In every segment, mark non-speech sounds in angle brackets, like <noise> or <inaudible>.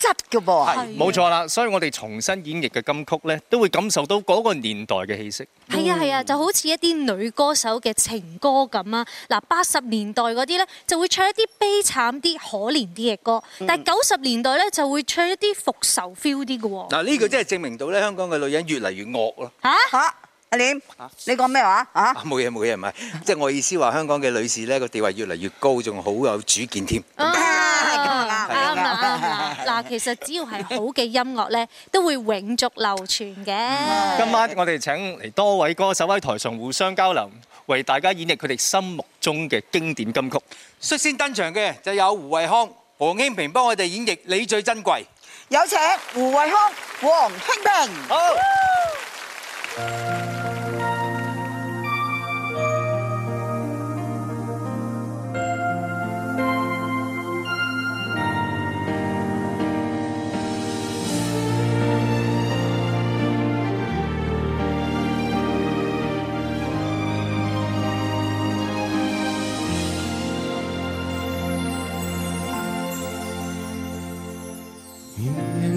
質冇錯啦，所以我哋重新演繹嘅金曲呢，都會感受到嗰個年代嘅氣息。係啊係啊，就好似一啲女歌手嘅情歌咁啊。嗱，八十年代嗰啲呢，就會唱一啲悲慘啲、可憐啲嘅歌，但係九十年代呢，就會唱一啲復仇 feel 啲嘅。嗱、嗯、呢、呢個真係證明到呢，香港嘅女人越嚟越惡咯。吓、啊！阿廉，你講咩話？吓，冇嘢冇嘢，唔係，即係我意思話香港嘅女士呢個地位越嚟越高，仲好有主見添。啊，係咁噶？啱啦啱啦。嗱，其實只要係好嘅音樂呢，都會永續流傳嘅。今晚我哋請嚟多位歌手喺台上互相交流，為大家演繹佢哋心目中嘅經典金曲。率先登場嘅就有胡渭康、王馨平幫我哋演繹《你最珍貴》，有請胡渭康、王馨平。好。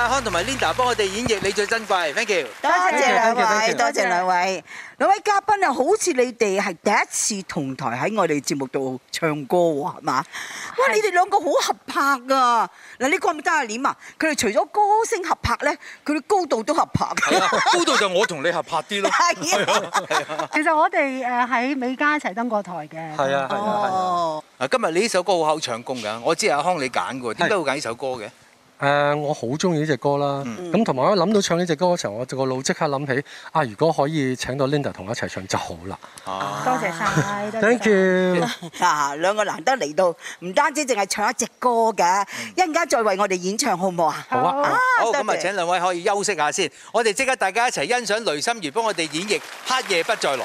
阿康同埋 Linda 幫我哋演繹《你最珍貴》，thank you，多謝兩位，thank you, thank you, thank you. 多謝兩位，謝兩，位兩位嘉賓啊，好似你哋係第一次同台喺我哋節目度唱歌喎，係嘛？哇，你哋兩個好合拍噶。嗱，你講唔講得阿廉啊？佢哋除咗歌聲合拍咧，佢哋高度都合拍。高度就我同你合拍啲咯。係 <laughs> 是的 <laughs> 其實我哋誒喺美加一齊登過台嘅。係啊，係、哦、啊，嗱，今日你呢首歌好好唱功㗎，我知是阿康你揀嘅，點解會揀呢首歌嘅？誒、uh, mm -hmm.，我好中意呢隻歌啦。咁同埋我諗到唱呢隻歌嘅時候，我個腦即刻諗起啊！如果可以請到 Linda 同我一齊唱就好啦、啊啊。多謝晒 Thank you、yeah.。嗱、啊，兩個難得嚟到，唔單止淨係唱一隻歌嘅，一陣間再為我哋演唱，好唔好？好啊？好啊，好咁啊！啊啊就請兩位可以休息下先，我哋即刻大家一齊欣賞雷深如幫我哋演繹《黑夜不再來》。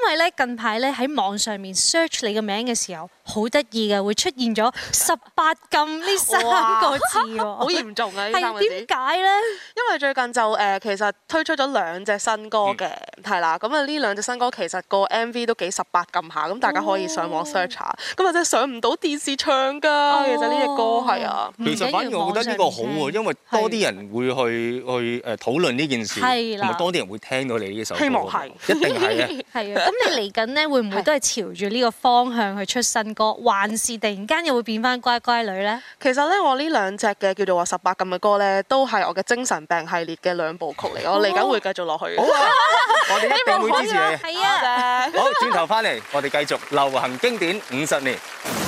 因為咧近排咧喺網上面 search 你個名嘅時候，好得意嘅會出現咗十八禁呢三個字，好嚴重啊！係點解咧？因為最近就誒，其實推出咗兩隻新歌嘅，係、嗯、啦，咁啊呢兩隻新歌其實個 M V 都幾十八禁下，咁大家可以上網 search 下，咁啊真係上唔到電視唱噶、哦。其實呢隻歌係啊，其實反而我覺得呢個好喎，因為多啲人會去去誒討論呢件事，同埋多啲人會聽到你呢首歌，希望係，一定係嘅。 <laughs> 咁你嚟緊咧，會唔會都係朝住呢個方向去出新歌，還是突然間又會變翻乖乖女咧？其實咧，我呢兩隻嘅叫做話十八禁嘅歌咧，都係我嘅精神病系列嘅兩部曲嚟、哦。我嚟緊會繼續落去。好啊，我哋一定會支持你。係啊，好，轉頭翻嚟，我哋繼續流行經典五十年。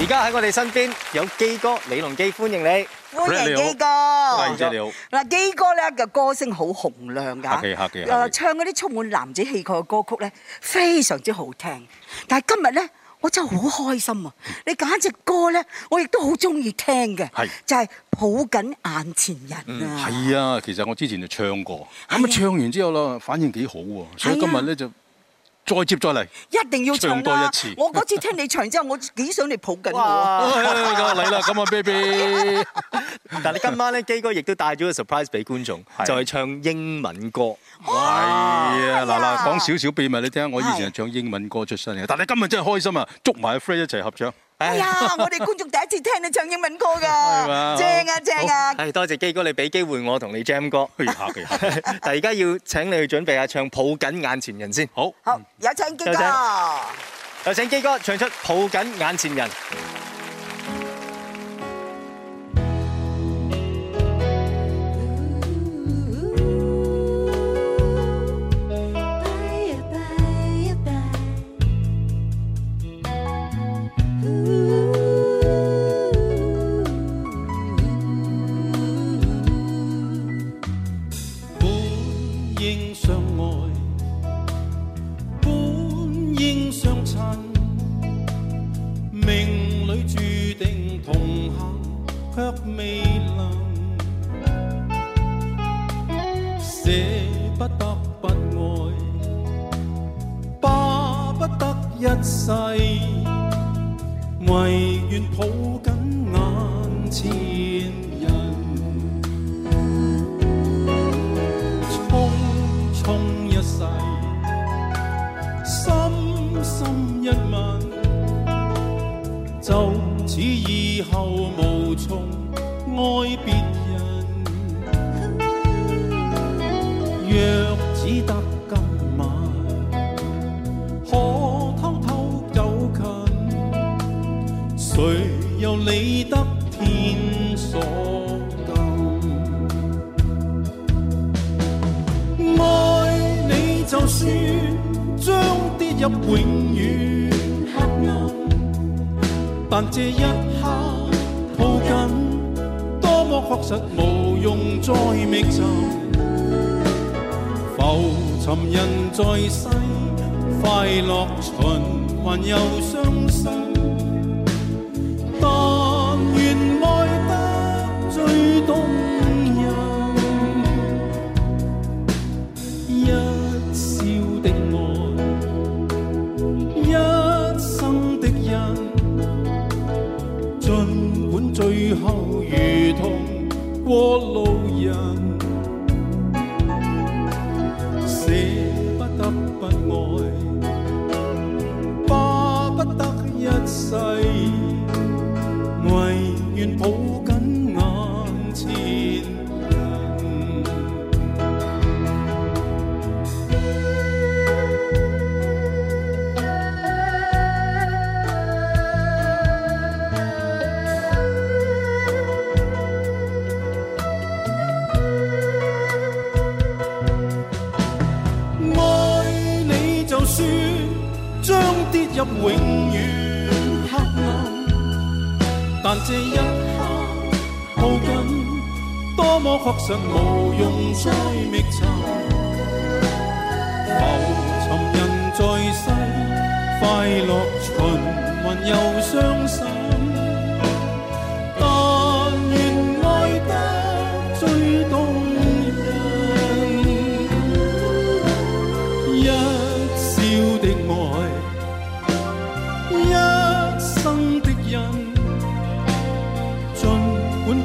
而家喺我哋身邊有基哥李龍基，歡迎你。歡迎基哥。靚姐你好。嗱，基哥咧嘅歌聲好洪亮㗎。下期，下期，下期。唱嗰啲充滿男子氣概嘅歌曲咧，非常之好聽。但係今日咧，我真係好開心啊、嗯！你揀隻歌咧，我亦都好中意聽嘅。係。就係、是、抱緊眼前人啊！係、嗯、啊，其實我之前就唱過。咁啊，唱完之後啦，反應幾好喎。係啊。所以今日咧就。再接再嚟，一定要唱,、啊、唱多一次。我嗰次聽你唱之後， <laughs> 我幾想你抱緊我。你啦，咁 <laughs> 啊，baby！ <laughs> 但係今晚咧，基哥亦都帶咗個 surprise 俾觀眾，就係、係、唱英文歌。喂，嗱嗱、啊，講少少秘密你聽下，我以前係唱英文歌出身嘅，但你今日真係開心啊！捉埋阿 Fred 一齊合唱。哎呀！ <laughs> 我哋觀眾第一次聽你唱英文歌㗎，正啊正啊！誒、啊哎，多謝基哥，你俾機會我同你 Jam 歌，好嘅，好嘅。但而家要請你去準備下唱《抱緊眼前人》先，好。好，嗯、有請基哥有請，有請基哥唱出《抱緊眼前人》。嗯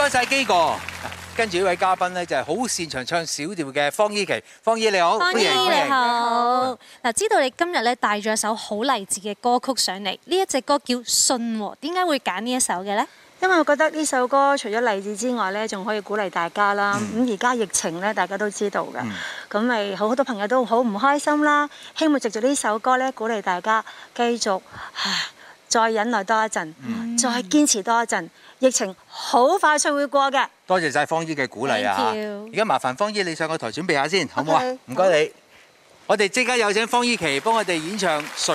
多晒基哥。跟住呢位嘉賓呢，就係好擅長唱小調嘅方伊琪。方姨你好，方歡迎你。好。嗱，知道你今日咧帶咗一首好勵志嘅歌曲上嚟，呢一隻歌叫《信》。點解會揀呢一首嘅呢？因為我覺得呢首歌除咗勵志之外咧，仲可以鼓勵大家啦。咁而家疫情咧，大家都知道嘅。咁咪好多朋友都好唔開心啦。希望藉住呢首歌咧，鼓勵大家繼續再忍耐多一陣，嗯、再堅持多一陣。疫情好快速會過嘅，多謝晒方姨嘅鼓勵啊！而家麻煩方姨你上個台準備下先，好唔好啊？唔、okay. 該你，okay. 我哋即刻有請方伊琪幫我哋演唱《信》。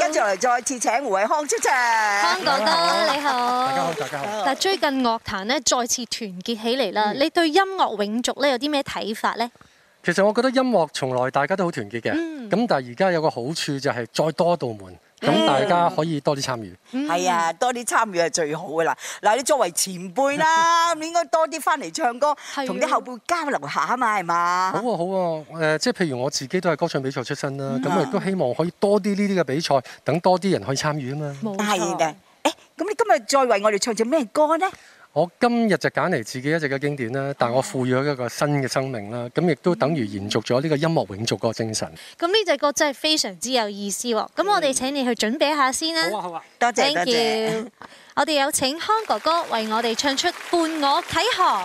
跟住我哋再次請胡渭康出場。康哥哥，你好，大家好，大家好。嗱，最近樂壇咧再次團結起嚟啦、嗯。你對音樂永續咧有啲咩睇法咧？其實我覺得音樂從來大家都好團結嘅，咁、嗯、但係而家有個好處就係再多道門。咁大家可以多啲參與，係啊，多啲參與係最好嘅啦。嗱，你作為前輩啦， <laughs> 應該多啲翻嚟唱歌，同啲、啊、後輩交流下啊嘛，係嘛？好啊，好啊，誒、呃，即係譬如我自己都係歌唱比賽出身啦，咁亦都希望可以多啲呢啲嘅比賽，等多啲人去參與啊嘛。冇錯。誒、啊，咁、欸、你今日再為我哋唱隻咩歌咧？我今日就揀嚟自己一隻嘅經典啦，但我賦予佢一個新嘅生命啦，咁亦都等於延續咗呢個音樂永續個精神。咁呢隻歌真係非常之有意思喎！咁我哋請你去準備一下先啦。好啊，好啊，謝謝多謝，thank you。我哋有請康哥哥為我哋唱出《伴我啟航》。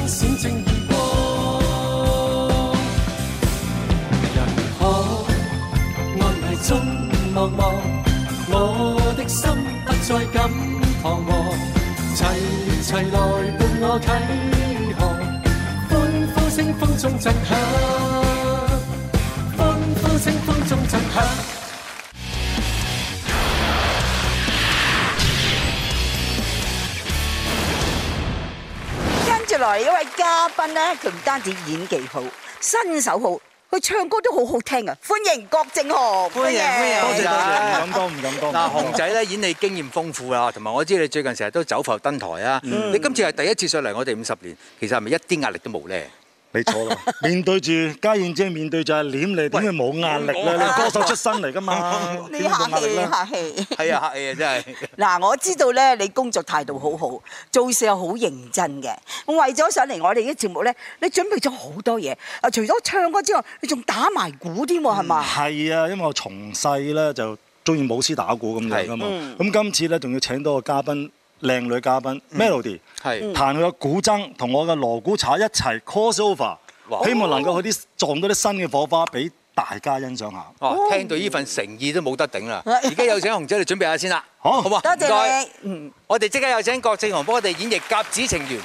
歡呼聲風中震響，跟住來一位嘉賓咧，佢唔單止演技好，身手好，佢唱歌都好好聽啊！歡迎郭政鴻，歡迎歡迎，多謝多謝，唔敢當，唔敢當。嗱，鴻仔咧，演戲經驗豐富啦，同埋我知你最近成日都走浮登台啊，你今次係第一次上嚟我哋五十年，其實係咪一啲壓力都冇咧？你錯啦！面對住嘉燕姐面對就係臉嚟，點會冇壓力咧？你歌手出身嚟噶嘛？你冇壓力，客氣客氣，係啊，客氣啊，真係。嗱，我知道咧，你工作態度好好，做事又好認真嘅。為我為咗上嚟我哋嘅節目咧，你準備咗好多嘢。啊，除咗唱歌之外，你仲打埋鼓添喎，係嘛？係、嗯、啊，因為我從細咧就中意舞獅打鼓咁樣噶嘛。咁、嗯、今次咧仲要請多個嘉賓。靚女嘉賓、嗯、Melody 係彈佢嘅古箏同我嘅蘿古茶一齊 crossover，希望能夠去啲撞多啲新嘅火花俾大家欣賞下。哦，聽到呢份誠意都冇得頂啦！而 <laughs> 家有請紅姐你準備下先啦，好，好嘛？多謝你，嗯，我哋即刻有請郭政鴻幫我哋演繹《甲子情緣》。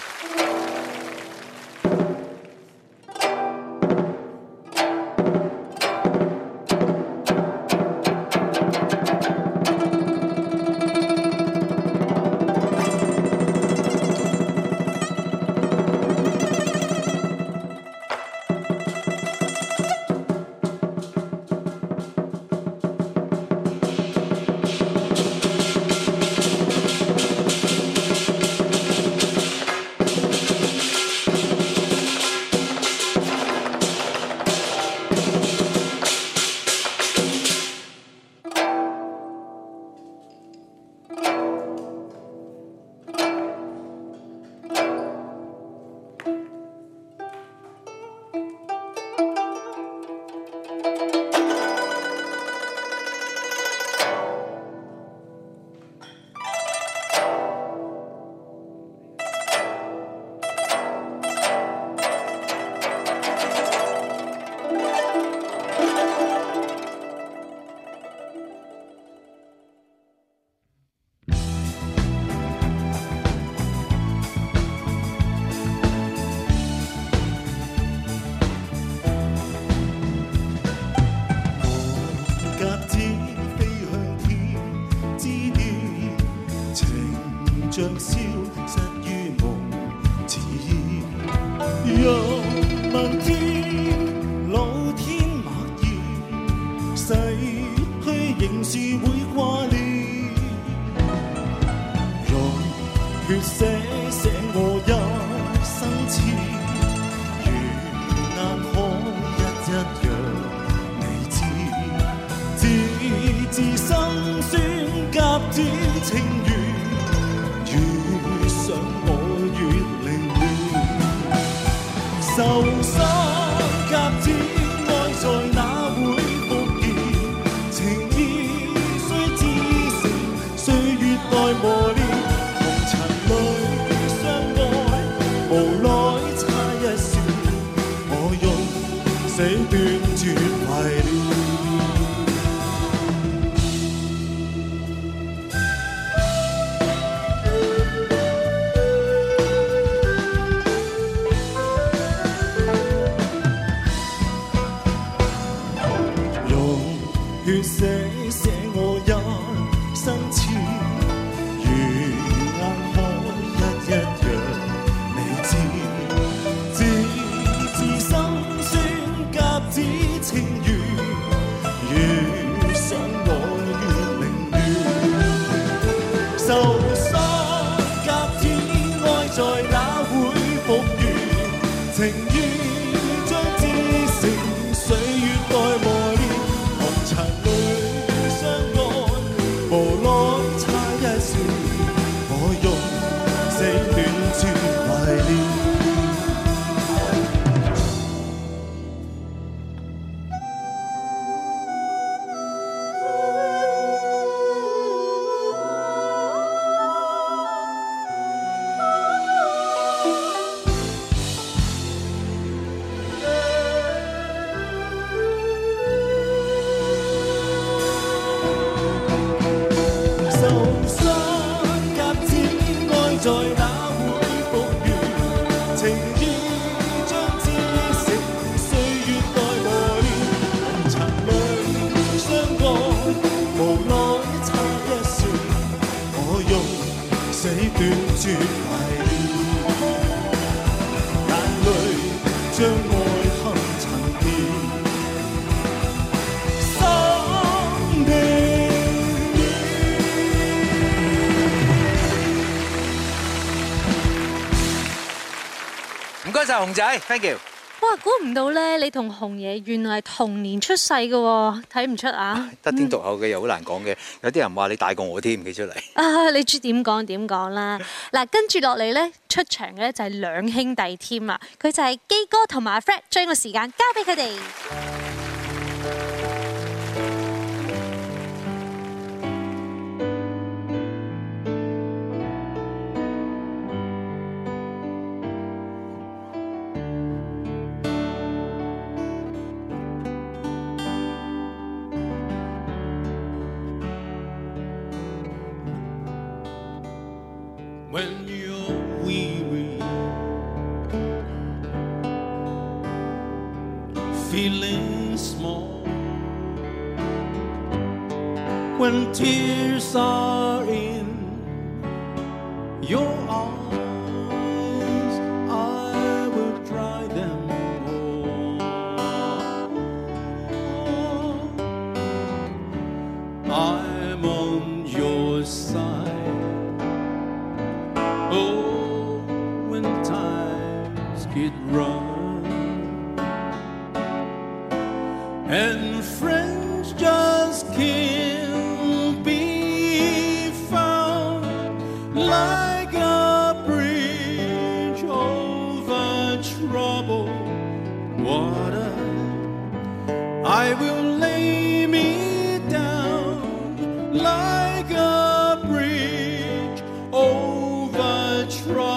仔，thank you。哇，估唔到咧，你同鴻爺原來係同年出世嘅喎，睇唔出啊？得天獨厚嘅又好難講嘅，有啲人話你大過我添唔記得出嚟。啊，你知點講點講啦？嗱，跟住落嚟咧，出場嘅咧就係兩兄弟添啦。佢就係基哥同埋阿 Fred，將個時間交俾佢哋。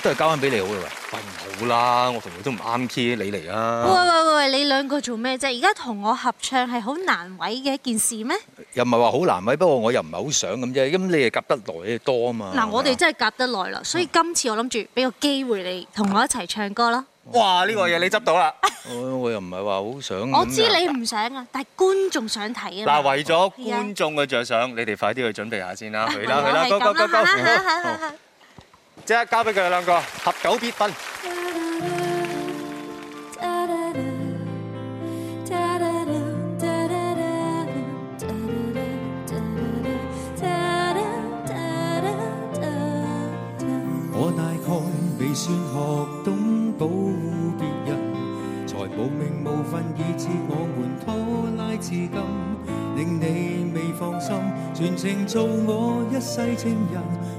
都係交翻俾你好啦，唔好啦，我同佢都唔啱 key，你嚟啊！喂喂喂，你兩個做咩啫？而家同我合唱係好難為嘅一件事咩？又唔係話好難為，不過我又唔係好想咁啫。咁你又夾得耐多啊嘛？嗱，我哋真係夾得耐啦，所以今次我諗住俾個機會你同我一齊唱歌咯。哇！呢個嘢你執到啦，我又唔係話好想。我知你唔想啊，但係觀眾想睇啊。嗱，為咗觀眾嘅著想，你哋快啲去準備下先啦。去啦去啦，Go go go go！即刻交俾佢哋兩個合久必分。我大概未算學懂保護別人，才無名無份，以致我們拖拉至今，令你未放心，全程做我一世情人。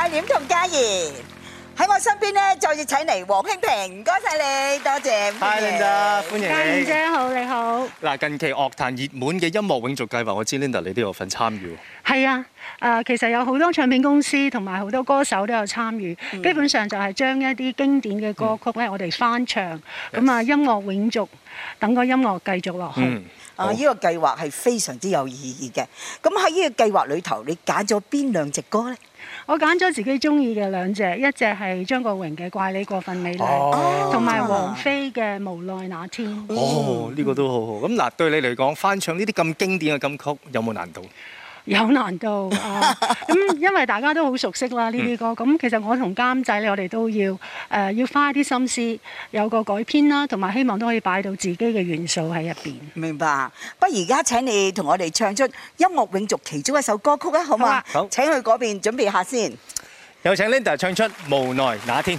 嘉廉同嘉儀喺我身邊咧，再次請嚟王馨平，唔該晒你，多謝。Hi Linda，歡迎嘉儀姐好，你好。嗱，近期樂壇熱門嘅音樂永續計劃，我知 Linda 你都有份參與。係啊，誒，其實有好多唱片公司同埋好多歌手都有參與、嗯。基本上就係將一啲經典嘅歌曲咧，我哋翻唱，咁、嗯、啊，音樂永續，等個音樂繼續落去、嗯。啊，呢、這個計劃係非常之有意義嘅。咁喺呢個計劃裏頭，你揀咗邊兩隻歌咧？我揀咗自己中意嘅兩隻，一隻係張國榮嘅《怪你過分美麗》哦，同埋王菲嘅《無奈那天》哦，嗯。哦，呢、呢個都好好。咁嗱，對你嚟講，翻唱呢啲咁經典嘅金曲，有冇難度？有難度啊！咁因為大家都好熟悉啦呢啲歌，咁其實我同監製咧，我哋都要誒要花啲心思，有個改編啦，同埋希望都可以擺到自己嘅元素喺入邊。明白，不如而家請你同我哋唱出音樂永續其中一首歌曲啊，好嗎？好，請去嗰邊準備下先。有請 Linda 唱出《無奈那天》。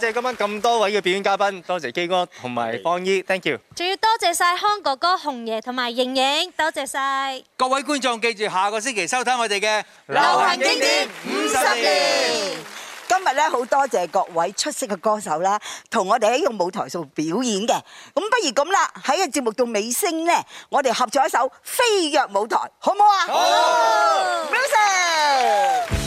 多謝今晚咁多位嘅表演嘉賓，多謝基哥同埋方姨，thank you。仲要多謝晒康哥哥、紅爺同埋瑩瑩，多謝晒各位觀眾。記住下個星期收睇我哋嘅流行經典五十年。今日咧好多謝各位出色嘅歌手啦，同我哋喺個舞台度表演嘅。咁不如咁啦，喺個節目到尾聲咧，我哋合作一首《飛躍舞台》，好唔好啊？好，唔該。